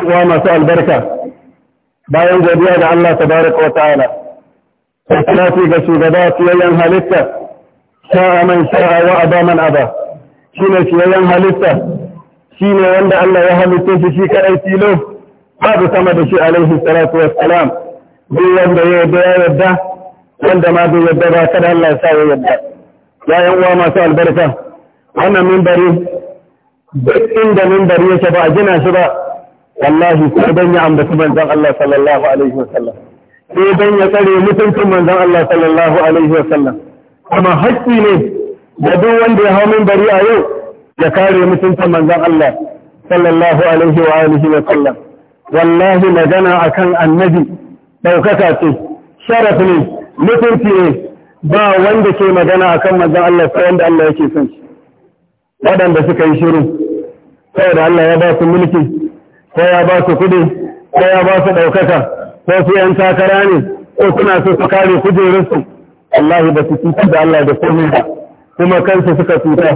kuma masu albarka bayan godiya ga Allah tabaraka wa ta'ala sai salati ga shugaba fiyayyen halitta sha'a man sha'a wa aba man aba shine fiyayyen halitta shine wanda Allah ya halitta shi shi kadai tilo babu sama da shi alaihi salatu wa salam duk wanda ya yarda ya yarda wanda ma bai yarda ba kada Allah ya sa ya yarda ya yan uwa masu albarka wannan mimbari duk inda mimbari yake ba a gina shi ba wallahi ko dan ya ambaci manzon Allah sallallahu alaihi wasallam ko dan ya tsare mutuncin manzon Allah sallallahu alaihi wasallam kuma haƙƙi ne da duk wanda ya hau min bari a yau ya kare mutuncin manzon Allah sallallahu alaihi wa alihi wa sallam wallahi magana akan annabi daukaka ce sharaf ne mutunci ne ba wanda ke magana akan manzon Allah sai wanda Allah yake son shi waɗanda suka yi shiru saboda Allah ya ba su mulki ko ya ba su kuɗi ko ya ba su ɗaukaka ko su yan takara ne ko suna so su kare kujerarsu Allah ba su tuta da Allah da komai ba kuma kansu suka cuta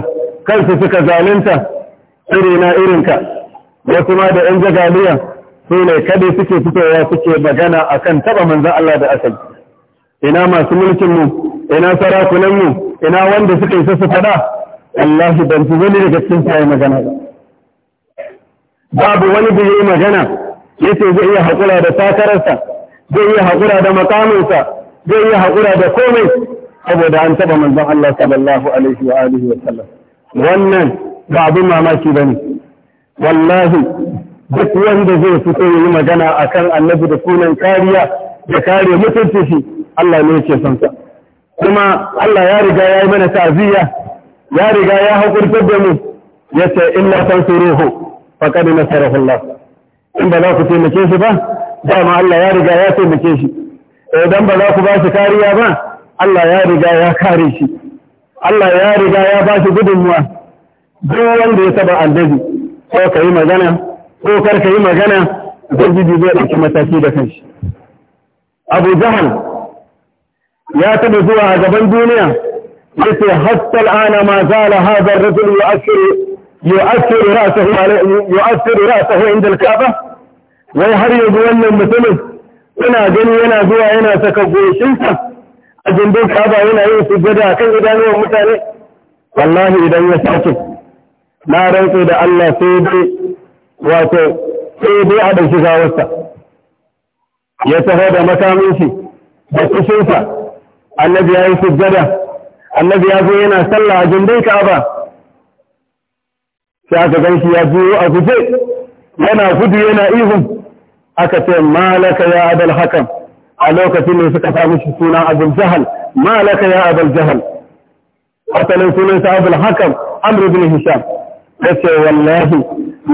kansu suka zalunta irina irinka wasu ma da yan jagaliya su ne kadai suke fitowa suke magana akan taba manzan Allah da asali ina masu mulkin ina sarakunan mu ina wanda suka isa su fada wallahi ban su zani daga cikin sai magana ba babu wani da yi magana yace zai iya hakura da sakararsa zai iya haƙura da makaminsa zai iya hakura da komai saboda an taba manzon Allah sallallahu alaihi wa alihi wa sallam wannan ba abin mamaki bane wallahi duk wanda zai fito yi magana akan annabi da sunan kariya da kare mutunci shi Allah ne yake son sa kuma Allah ya riga ya yi mana ta'ziya ya riga ya haƙurtar da mu yace illa tansuruhu فقد نصره الله ان بلاك في مكيشي با دام الله يا رجا يا في مكيشي ودم بلاك باش كاريا با الله يا رجا يا كاريشي الله يا رجا يا باش قدموا دوان دي تبع الدجي او كي مغانا او كر كي مغانا دجي دي بيلا كما تاكيد كنش ابو جهل يا تبع زوا عجبان دونيا يتي حتى الآن ما زال هذا الرجل يؤثر yu'athiru ra'sahu yu'athiru ra'sahu inda al-Ka'ba wai har yanzu wannan mutumin yana gani yana zuwa yana saka goshinsa a gindin Ka'ba yana yin sujjada kan idanuwan mutane wallahi idan ya sake na rantse da Allah sai dai wato sai dai a dauki gawarsa ya taho da makamin shi ya yi zo yana sallah a gindin Ka'aba sai aka gan shi ya biyo a guje yana gudu yana ihun aka ce malaka ya abal hakan a lokacin ne suka samu shi suna abul jahal malaka ya abal jahal asalin sunan sa abul hakan amr ibn hisham ce wallahi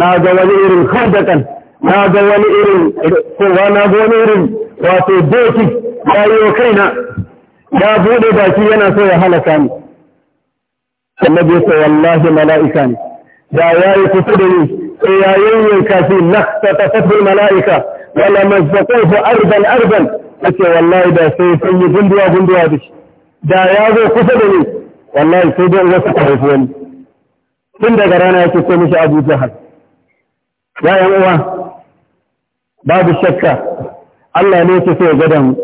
na ga wani irin khandakan na ga wani irin kowa na ga wani irin wato doki ya yi wa kaina ya bude baki yana so ya halaka ni annabi ya ce wallahi mala'ika ne da ya yi kusa da ni sai ya yanyanka shi na ta mala'ika wala arzan arban arban Ake wallahi da sai sun yi gunduwa gunduwa da shi da ya zo kusa da ni wallahi sai don wasu ta haifi wani tun daga rana yake ce mishi Abu jihar ya uwa babu shakka Allah ne ke so ya gada mu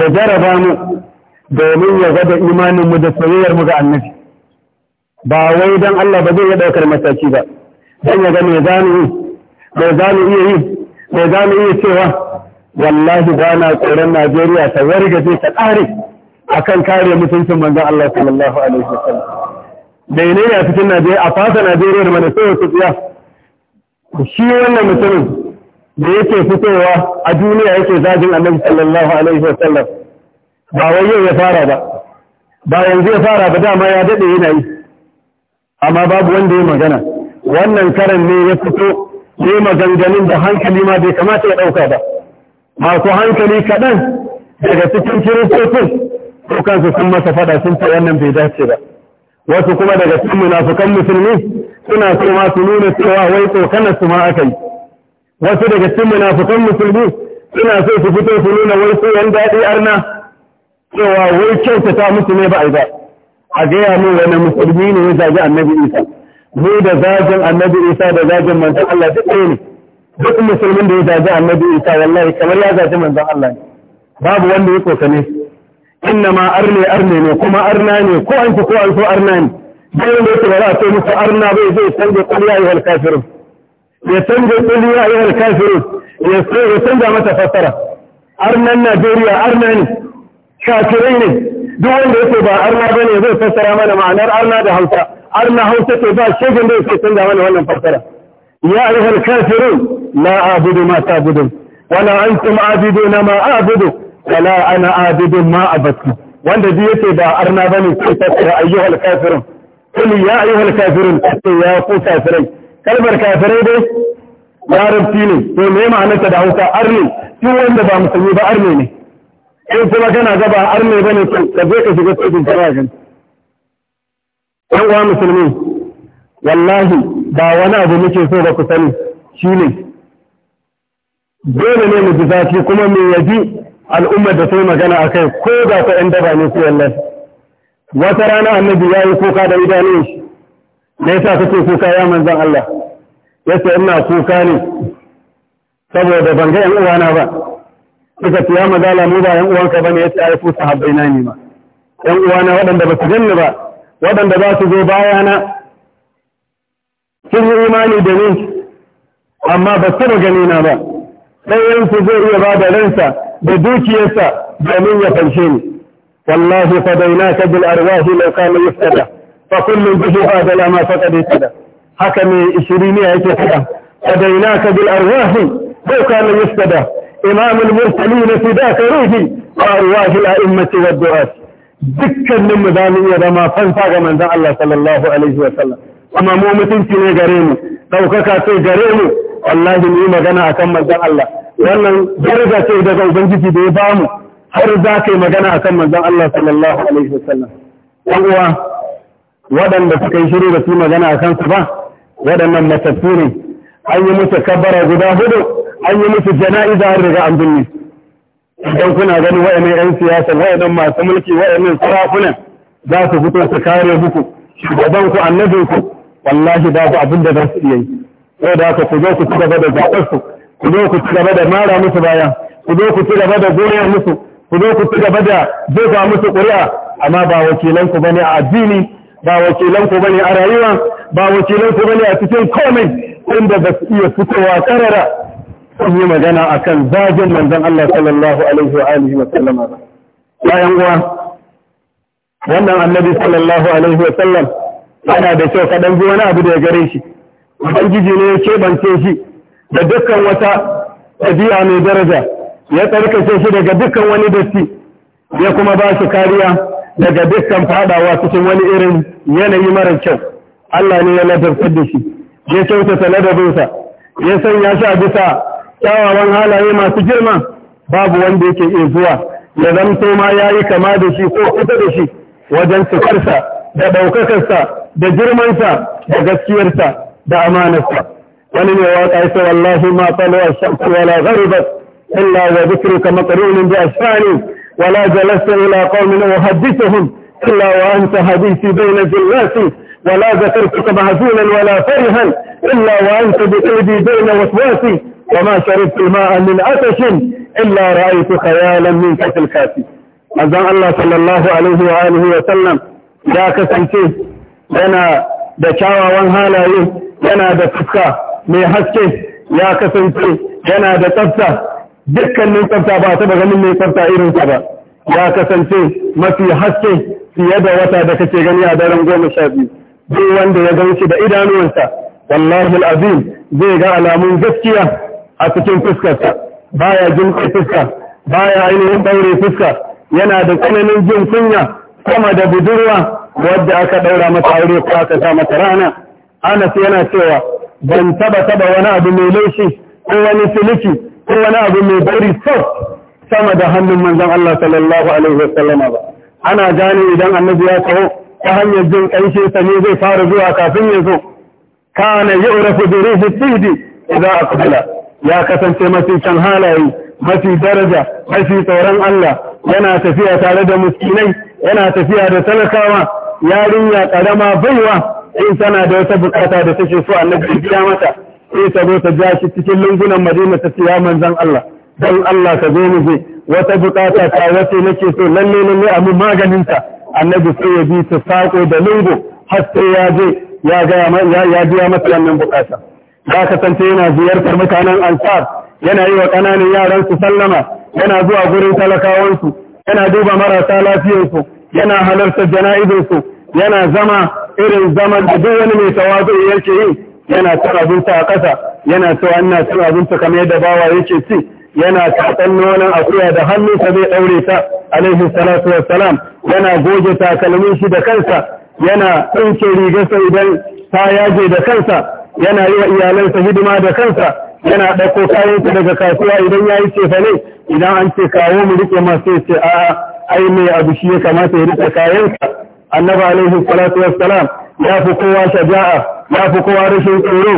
ya jaraba mu domin ya gada imanin da soyayyar ga Annabi ba wai don Allah ba zai iya ɗaukar mataki ba don ya ga me za mu yi mai za iya yi mai za iya cewa wallahi ba na tsoron Najeriya ta warga zai ta ƙare kan kare mutuncin manzan Allah sallallahu alaihi wasallam menene a cikin Najeriya a fasa Najeriya da mana sai su tsiya shi wannan mutumin da yake fitowa a duniya yake zagin Annabi sallallahu alaihi sallam. ba wai yau ya fara ba ba yanzu ya fara ba dama ya dade yana yi amma babu wanda ya magana wannan karan ne ya fito ne maganganun da hankali ma bai kamata ya ɗauka ba masu hankali kaɗan daga cikin kiristocin ko kansu sun masa faɗa sun ce wannan bai dace ba wasu kuma daga cikin munafukan musulmi suna so ma su nuna cewa wai tsokanar su ma aka yi wasu daga cikin munafukan musulmi suna so su fito su nuna wai su daɗi arna cewa wai kyautata musu ne ba a yi ba a gaya min wani musulmi ne ya zagi annabi isa ni da zagin annabi isa da zagin manzon Allah duk ɗaya ne duk musulmin da ya zagi annabi isa wallahi kamar ya zagi manzon Allah ne babu wanda ya kokane inna ma arne arne ne kuma arna ne ko an ko an so arna ne bai ne ta bara to musu arna bai zai canje kulliya ya wal kafirun ya canje kulliya ya wal kafirun ya so ya canja mata fassara arnan Najeriya arna ne kafirai ne duk wanda ya ba arna ba ne zai fassara mana ma'anar arna da hausa arna hausa ce ba shagin da yake canza mana wannan fassara ya ayyuhal kafirun la abudu ma ta'budun wala antum abiduna ma abudu wala ana abudu ma abudu wanda duk yake da arna ba ne sai fassara ayyuhal kafirun kul ya ayyuhal kafirun sai ya ku kafirai kalmar kafirai dai larabci ne to me ta da hausa arne shi wanda ba musulmi ba arne ne in kuma kana gaba mai bane kan ka ka shiga cikin farajin ɗan uwa musulmi wallahi ba wani abu muke so da ku sani shine dole ne mu ji zafi kuma mu yaji al'ummar da sai magana a kai ko da ta ‘yan daba ne su yallar. Wata rana annabi ya yi kuka da idanun shi, na yasa kake kuka ya manzan Allah, ya ce ina kuka ne, saboda ban ga ‘yan uwana ba, suka ce ya mazala mu ba yan uwanka bane yace ai su habaina na ne ma yan uwana waɗanda ba su ganni ba waɗanda za su zo bayana sun yi imani da ni amma ba su gani na ba ɗayan su zai iya ba da ransa da dukiyarsa domin ya fanshe ni wallahi ka bil arwahi law kana yuftada fa kullu bihi adala ma faqad yuftada haka ne ishiriniya yake faɗa ka bil arwahi law kana yuftada امام المرسلين في ذاك روحي وارواح الائمة والدعاة دكا من مدامية ما فنفا من ذا الله صلى الله عليه وسلم وما مومت انت ني قريمو لو كاكاتي قريمو والله ني مغانا اكمل ذا الله وانا درجة تي دقو بنجي ديبامو هر ذاك مغانا اكمل ذا الله صلى الله عليه وسلم وهو ودن بسكي شروع بسي مغانا اكمل ودن من متفوري اي متكبر قدافدو an yi musu jana'iza an riga an binne idan kuna ganin wayannan yan siyasa wayannan masu mulki wayannan sarakuna za su fito su kare muku shugaban ku annabin ku wallahi babu abin da za su iya yi sai da haka ku ku ci da zaɓar su ku zo ku ci da mara musu baya ku zo ku ci gaba da goya musu ku zo ku ci da jefa musu ƙuri'a amma ba wakilan ku bane a addini ba wakilan ku bane a rayuwa ba wakilan ku bane a cikin komai inda ba su iya fitowa karara sun yi magana a akan zagin manzon Allah sallallahu alaihi wa alihi wa sallama ba ya yan uwa wannan annabi sallallahu alaihi wa sallam ana da kyau kaɗan ji wani abu da ya gare shi ubangiji ne ya keɓance shi da dukkan wata ɗabi'a mai daraja ya tsarkace shi daga dukkan wani datti ya kuma ba shi kariya daga dukkan fadawa cikin wani irin yanayi mara kyau Allah ne ya ladabtar da shi ya kyautata ladabinsa ya sanya shi a bisa kyawawan halaye masu girma babu wanda yake iya zuwa ya zamto ma ya yi kama da shi ko kusa da shi wajen cikarsa da ɗaukakarsa da girmansa da gaskiyarsa da amanarsa wani ne wa ƙaisa wallahi ma tsalowar shamsu wala gharibat illa wa zikru ka maqrunin bi asfani wala jalasta ila qaumin uhaddithuhum illa wa anta hadithi bayna jillati wala zakartuka mahzunan wala farihan illa wa anta bi qalbi bayna waswasi وما شربت الماء من عطش إلا رأيت خيالا منك في الكافي manzon Allah sallallahu alaihi wa alihi wa sallam ya kasance yana da kyawawan halaye yana da fuska mai haske ya kasance yana da tsafta dukkanin tsafta ba ta ganin mai tsafta irin sa ba ya kasance mafi haske fiye da wata da kake gani a daren goma sha biyu duk wanda ya gan shi da idanuwansa wallahi al'azim zai ga alamun gaskiya a cikin fuskarsa baya jin fuska baya ainihin daure fuska yana da tsananin jin kunya sama da budurwa wadda aka daura mata aure ko aka sa mata rana Anas yana cewa ban taba taba wani abu mai laushi ko wani siliki ko wani abu mai bari so sama da hannun manzon Allah sallallahu alaihi wasallama ba ana gane idan annabi ya taho ta hanyar jin ƙanshin sa ne zai fara zuwa kafin ya zo kana yu'rafu bi rihi tidi idza aqbala ya kasance mafi can halaye mafi daraja mafi tsoron Allah yana tafiya tare da muskinai yana tafiya da talakawa yarinya karama baiwa in tana da wata bukata da take so annabi biya mata sai ta zo ta ja shi cikin lungunan Madina ta ce ya manzon Allah dan Allah ka zo mu wata bukata ta wace nake so lalle lalle a mun maganin ta annabi sai ya bi ta sako da lungu har sai ya je ya ga ya biya mata wannan bukata ka kasance yana ziyartar mutanen ansar yana yi wa ƙananan yaransu sallama yana zuwa gurin talakawansu yana duba marasa lafiyarsu yana halartar jana'izinsu. yana zama irin zaman da duk wani mai tawazu yake yi yana cin abinci a ƙasa yana so ina cin abinci kamar yadda bawa yake ci yana tatsan nonon akuya da hannunsa zai ɗaure ta alaihi salatu wassalam yana goge takalmin shi da kansa yana tsinke rigarsa idan ta yaje da kansa yana yi wa iyalansa hidima da kansa yana ɗauko kayansa daga kasuwa idan ya yi cefane idan an ce kawo mu rike masu ce a ai mai abu shi ya kamata ya rike kayansa annabi alaihi salatu wassalam ya fi kowa shaja'a ya fi kowa rashin tsoro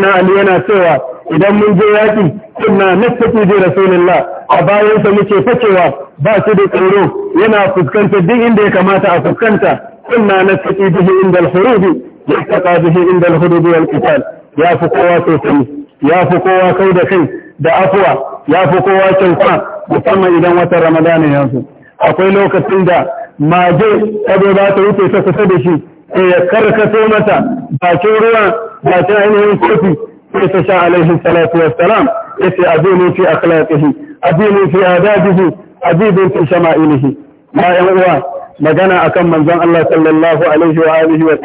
na ali yana cewa idan mun je yaki sunna nastati da rasulullah a bayansa muke fakewa ba su da tsoro yana fuskantar duk inda ya kamata a fuskanta sunna nastati bihi inda al يتقى به عند الهدود والقتال يا فقوة توسعي يا فقوة كود كي da afuwa ya fi kowa kyauta musamman idan watan ramadana ya zo akwai lokacin da maje tabo za ta wuce ta kusa da shi sai ya karkato mata bakin ruwa bakin ainihin kofi sai ta sha alaihi salatu wassalam ya ce azini fi akhlaqihi azini fi adabihi azibin fi shama'ilihi ya yan uwa magana akan manzon Allah sallallahu alaihi wa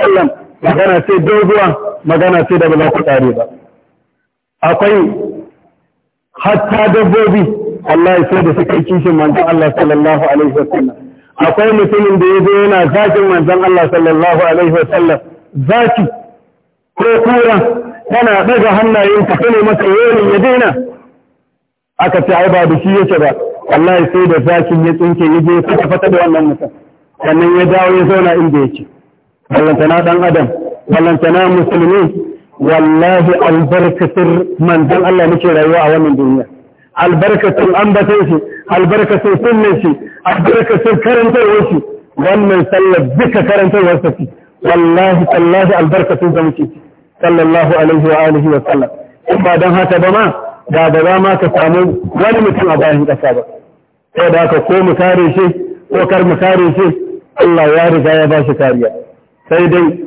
magana ce dogowa magana ce da ba za ku ba akwai hatta dabbobi Allah ya sai da suka yi kishin manzan Allah sallallahu alaihi wa sallam akwai mutumin da ya zo yana zakin manzan Allah sallallahu alaihi wa sallam zaki ko kura tana ɗaga hannayen ka kane masa yoni ya daina aka ce ai ba da shi yake ba Allah ya sai da zakin ya tsinke ya je fata fata da wannan mutum sannan ya dawo ya zauna inda yake ballantana ɗan adam ballantana musulmi wallahi albarkatin manzon Allah muke rayuwa a wannan duniya albarkatin ambaton shi albarkatin sunnan shi albarkatin karantarwar shi wannan sallar duka karantarwar sa wallahi tallahi albarkatin da muke sallallahu alaihi wa alihi wa sallam in ba dan haka ba ma da da za ma ka samu wani mutum a bayan kasa ba sai da haka ko mu kare shi ko kar mu kare shi Allah ya riga ya ba shi kariya sai dai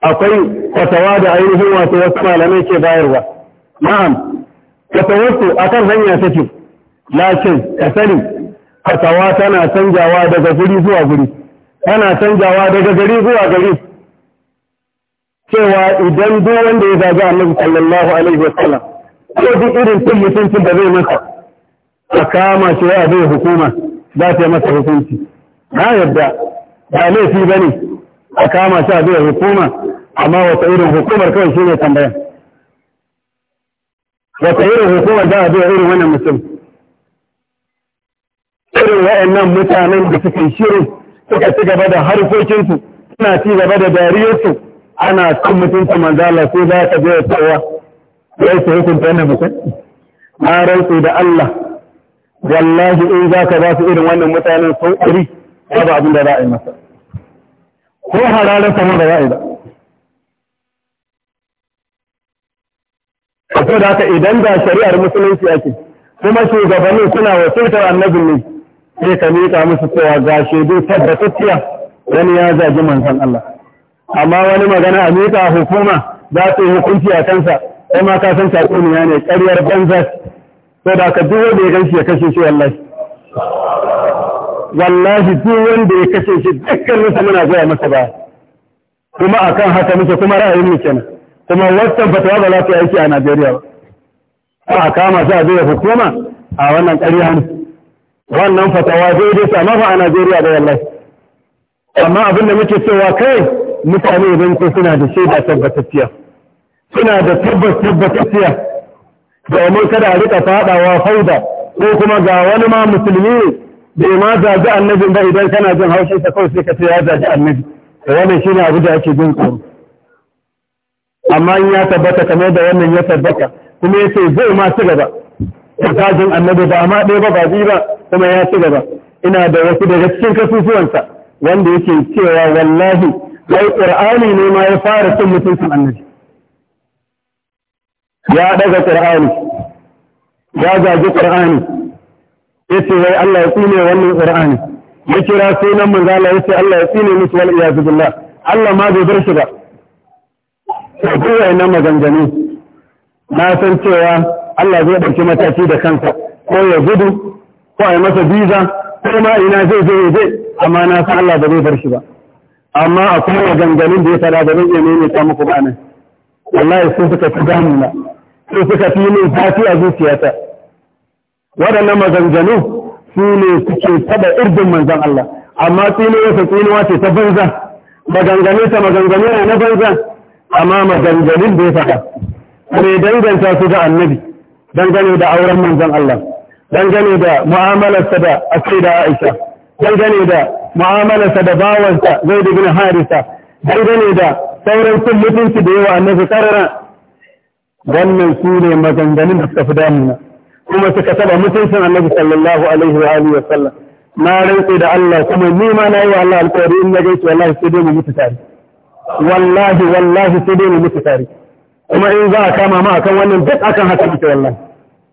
akwai kwatawa da ainihin wato wasu malamai ke bayarwa na'am a akan hanya take lakin ka sani kwatawa tana canjawa daga guri zuwa guri tana canjawa daga gari zuwa gari cewa idan duk wanda ya zagi annabi sallallahu alaihi wasallam ko duk irin tun mutuncin da zai masa a kama shi zai hukuma za ta yi masa hukunci na yadda ba laifi ba ne a kama shi a biyar hukuma amma wata irin hukumar kawai shi ne tambaya wata irin hukumar za a biya irin wannan mutum irin nan mutanen da suka yi shirin suka ci gaba da harkokinsu suna ci gaba da dariyarsu ana kan mutunta manzala sai za ka biya tsawa sai su hukunta wannan mutum na rantsu da Allah wallahi in za ka ba su irin wannan mutanen sun ƙuri babu abin da za yi masa ko halalar saman da za a yi ba da haka idan da shari'ar musulunci ake kuma shugabannin suna wakiltar annabin ne sai ka miƙa musu cewa ga shaidu tabbatacciya wani ya zagi manzon Allah amma wani magana a miƙa hukuma za su yi hukunci a kansa sai ma ka san tatsuniya ne ƙaryar banza sai da ka duk da ya ganshi ya kashe shi wallahi wallahi duk wanda ya kashe shi dukkanin sa muna zuwa masa ba kuma akan haka muke kuma ra'ayin mu kenan kuma wannan fatawa ba za ta aiki a Najeriya ba a kama sai a zai hukuma a wannan ƙarya ne wannan fatawa daidai ta mafa a Najeriya da wallahi amma abin da muke cewa kai mutane idan ko suna da shaida tabbatacciya suna da tabbas tabbatacciya domin kada a rika fadawa fauda ko kuma ga wani ma musulmi bai ma zaji annabin ba idan kana jin haushin ta kawai sai ka ce ya zaji annabi da wannan shine abu da ake jin tsoro amma in ya tabbata kamar da wannan ya tabbata kuma ya ce zai ma ci gaba tajin annabi ba amma ɗaya ba ba biyu ba kuma ya ci gaba ina da wasu daga cikin kasusuwansa wanda yake cewa wallahi wai qur'ani ne ma ya fara cin mutuncin annabi ya daga qur'ani ya zagi qur'ani yace wai Allah ya tsine wannan Qur'ani ya kira sunan manzo Allah yace Allah ya tsine musu wal iyaz billah Allah ma bai bar shi ba ko nan maganganu na san cewa Allah zai dauki mataki da kansa ko ya gudu ko ya masa biza ko ma ina zai zai zai amma na san Allah ba zai bar shi ba amma akwai maganganun da ya tada da zai iya nemi ta muku ba nan wallahi sun suka fi na sun suka fi min zafi a zuciyata waɗannan maganganu su ne suke taɓa irgin manzan Allah amma tsinuwarsa tsinuwa ce ta banza maganganun ta maganganu na banza amma maganganun da ya faɗa ne danganta su ga annabi dangane da auren manzan Allah dangane da mu'amalarsa da ake da Aisha dangane da mu'amalarsa da bawansa zai da bin harisa dangane da sauran sun mutunci da yawa annabi karara wannan su ne maganganun da suka fi damuna kuma suka taba mutuncin annabi sallallahu alaihi wa alihi wa sallam na rantse da Allah kuma ni ma na yi wa Allah alƙawari in na gaisu wallahi sai dai mu mutu tare wallahi wallahi sai dai mu mutu tare kuma in za a kama ma akan wannan duk akan haka muke wallahi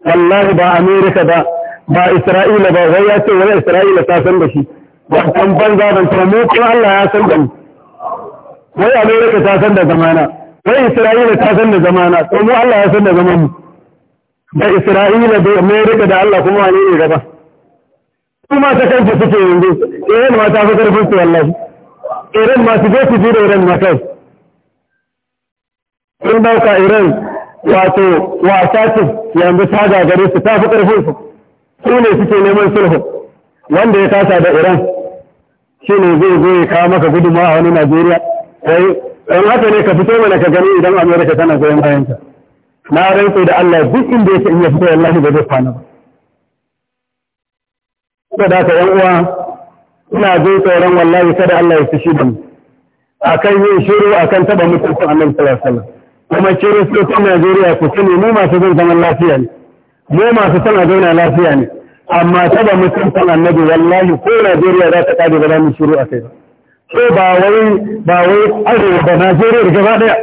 wallahi ba Amerika ba ba Isra'ila ba wai ya ce wani Isra'ila ta san da shi ba san banza ban ta mu kuma Allah ya san da mu wai Amerika ta san da zamana wai Isra'ila ta san da zamana to Allah ya san da zaman mu da Isra'ila da Amerika da Allah kuma wani ne gaba kuma ta kanta suke yanzu irin ma ta fi karfin su wallahi irin ma su je su da irin ma kai sun dauka irin wato wasa ce yanzu ta gagare su ta fi karfin su su ne suke neman sulhu wanda ya kasa da iran shi ne zai zo ya kawo maka gudunmawa a wani najeriya wai in haka ne ka fito mana ka gani idan amerika tana goyon bayanta. na rantsa da Allah duk inda yake in ya fito wallahi ba zai kwana ba Kuka da yan uwa ina jin tsoron wallahi kada Allah ya fushi da mu akan yin shiru akan taba mutuncin Annabi sallallahu alaihi shiru kuma kan Najeriya ku sani mu masu zan zaman lafiya ne mu masu sana zauna lafiya ne amma taba mutuncin Annabi wallahi ko Najeriya za ta kade ba za mu shiru a kai ba ko ba wai ba wai arewa ba Najeriya gaba daya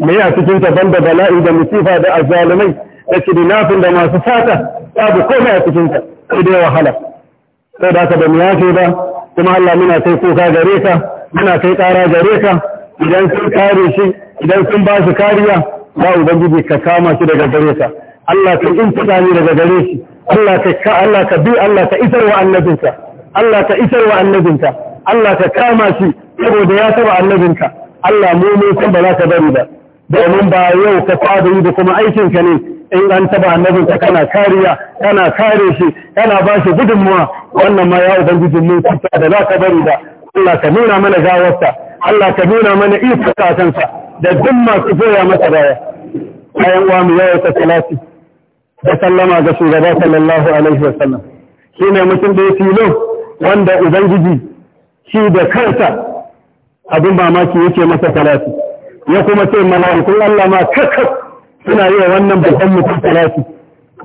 me a cikin ta da bala'i da musifa da azalumai da kidnafin da masu fata babu komai a cikin ta wahala sai da ka ba mu ba kuma Allah muna kai kuka gare ka muna kai kara gare ka idan sun kare shi idan sun ba shi kariya ba ubangiji ka kama shi daga gare ka Allah ka fita ni daga gare shi Allah ka ka Allah ka bi Allah ka isar wa annabinka Allah ka isar wa annabinka Allah ka kama shi saboda ya saba annabinka Allah mu mun san ba za ka bari ba domin ba yau ka saba yi da kuma aikinka ne in an taba annabinka kana kariya kana kare shi kana ba shi gudunmuwa wannan ma ya ubangiji mun kusa da za ka bari da Allah ka nuna mana gawarsa Allah ka nuna mana isa kakansa da duk masu goya masa baya bayan wa mu yau ta salati da sallama ga shugaba sallallahu alaihi wa sallam shine mutum da ya tilo wanda ubangiji shi da kansa abin mamaki yake masa salati ya kuma ce mala'ikun Allah ma kakaf suna yi wa wannan babban mutum salati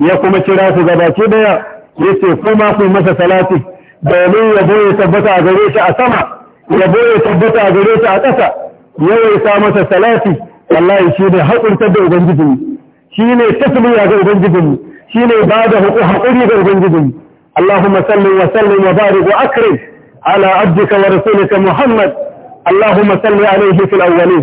ya kuma kira su gabaki daya ya ce kuma ku masa salati domin yabo ya tabbata a gare shi a sama yabo ya tabbata a gare shi a ƙasa yawaita masa salati wallahi shi ne haƙurtar da ubangijinmu shi ne tasbiya ga ubangijinmu shi ne ba da haƙuri ga ubangijinmu Allahumma salli wa sallim wa barik wa akrim ala abdika wa rasulika Muhammad Allahumma salli alaihi fil awwalin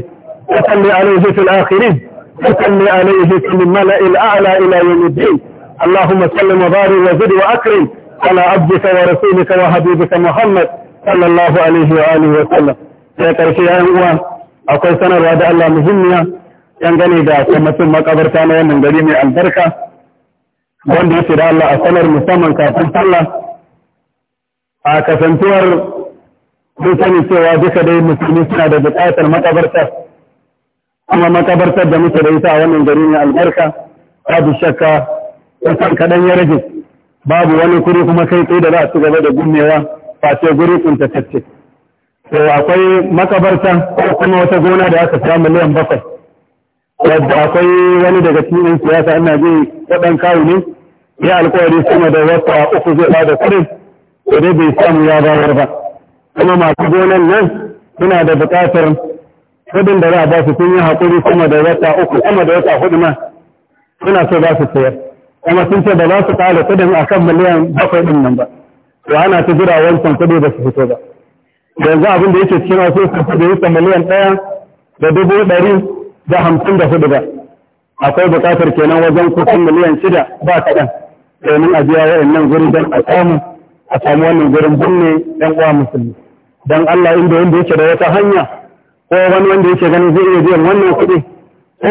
وصلي عليه في الآخرين وصلي عليه في الملأ الأعلى إلى يوم الدين اللهم سلم وضاري وزد وأكرم على عبدك ورسولك وحبيبك محمد صلى الله عليه وآله وسلم سيكرك يا أهوة أقول سنة الوعداء الله مهمية ينقني دا كما ثم قبرتانا من قديم البركة وان يسير الله أسلر مسامن كافر صلى الله أكثنتور بسنة سوى ذكر مسلمين سنة بقاية المقبرتانا kuma makabartar da muke da ita a wannan gari ne albarka babu shakka wasan kaɗan ya rage babu wani kuri kuma kai tsaye da za a ci gaba da gummewa face guri kuntatacce to akwai makabarta ko kuma wata gona da aka samu miliyan bakwai wadda akwai wani daga cikin siyasa ina ji ɗan kawu ne ya alkawari sama da wata uku zai bada kuɗin to dai bai samu ya bayar ba kuma masu gonan nan suna da buƙatar kudin da za a ba su sun yi haƙuri kuma da wata uku kuma da wata hudu ma suna so za su sayar kuma sun ce ba za su ƙara kudin a kan miliyan bakwai ɗin nan ba to ana ta jira wancan kudi ba su fito ba yanzu abin da yake cikin wasu su kudi yi miliyan ɗaya da dubu ɗari da hamsin da hudu ba akwai buƙatar kenan wajen kusan miliyan shida ba kaɗan domin a biya nan guri don a samu a samu wannan gurin binne ɗan uwa musulmi don Allah inda wanda yake da wata hanya ko wani wanda yake ganin zai iya biyan wannan kuɗi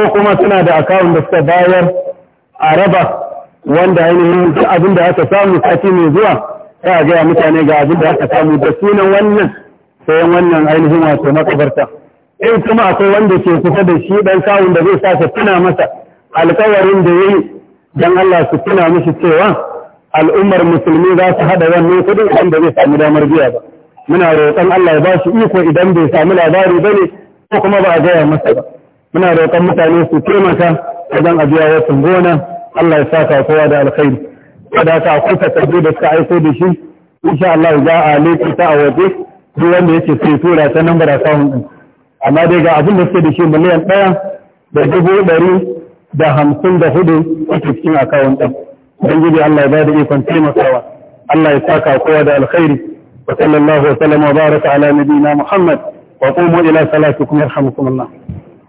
ko kuma suna da akawun da suka bayar a raba wanda ainihin duk abin da aka samu sati mai zuwa sai a gaya mutane ga abin da aka samu da sunan wannan sayan wannan ainihin wato makabarta in kuma akwai wanda ke kusa da shi dan kawun da zai sa ka tuna masa alkawarin da yayi dan Allah su tuna mishi cewa al'ummar musulmi za su hada wannan kudin wanda zai samu damar biya ba muna roƙon Allah ya ba iko idan bai samu labari ba ne ko kuma ba a gaya masa ba muna roƙon mutane su taimaka wajen a biya wasu gona Allah ya saka kowa da alkhairi kada ka akwai takardu da suka aiko da shi insha Allah za a ta a waje duk wanda yake sai tura ta nan bara sahun din amma dai ga abin da suke da shi miliyan ɗaya da dubu ɗari da hamsin da hudu a cikin akawun ɗin. Ubangiji Allah ya ba da ikon taimakawa. Allah ya saka kowa da alkhairi. وصلى الله وسلم وبارك على نبينا محمد وقوموا إلى صلاتكم يرحمكم الله